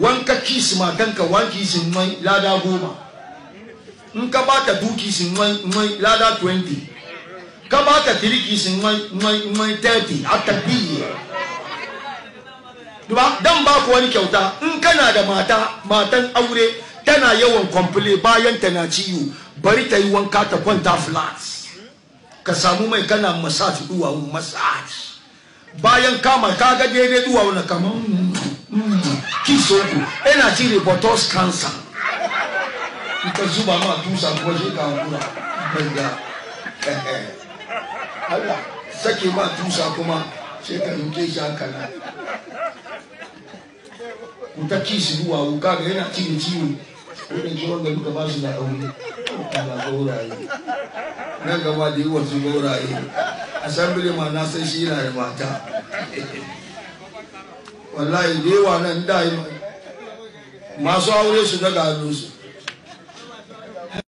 wanka kisi matanka wanki sin mwai lada goma in ka ba ta duki sin lada 20 ka bata ta tiriki sin mwai mwai mai 30 a tabbiye duba dan ba ku wani kyauta in kana da mata matan aure tana yawan kwamfule bayan ta na ciwo bari ta yi wanka ta kwanta flat ka samu mai kana massage duwawu massage bayan kama kaga daidai duwawu na kamar. Kisonko energy reporters cancer nitazuba ma tu sa ngoje ka ngura benda Allah sake ma tu sa kuma sai ka nuke shi haka na utaki shi ruwa uka ga yana cin ciwo wannan ciwon da duka ba su da aure ba gauraye nan gaba da yi wasu gauraye a san ma na san wallahi da yawa nan da yi masu aure su daga hannunsu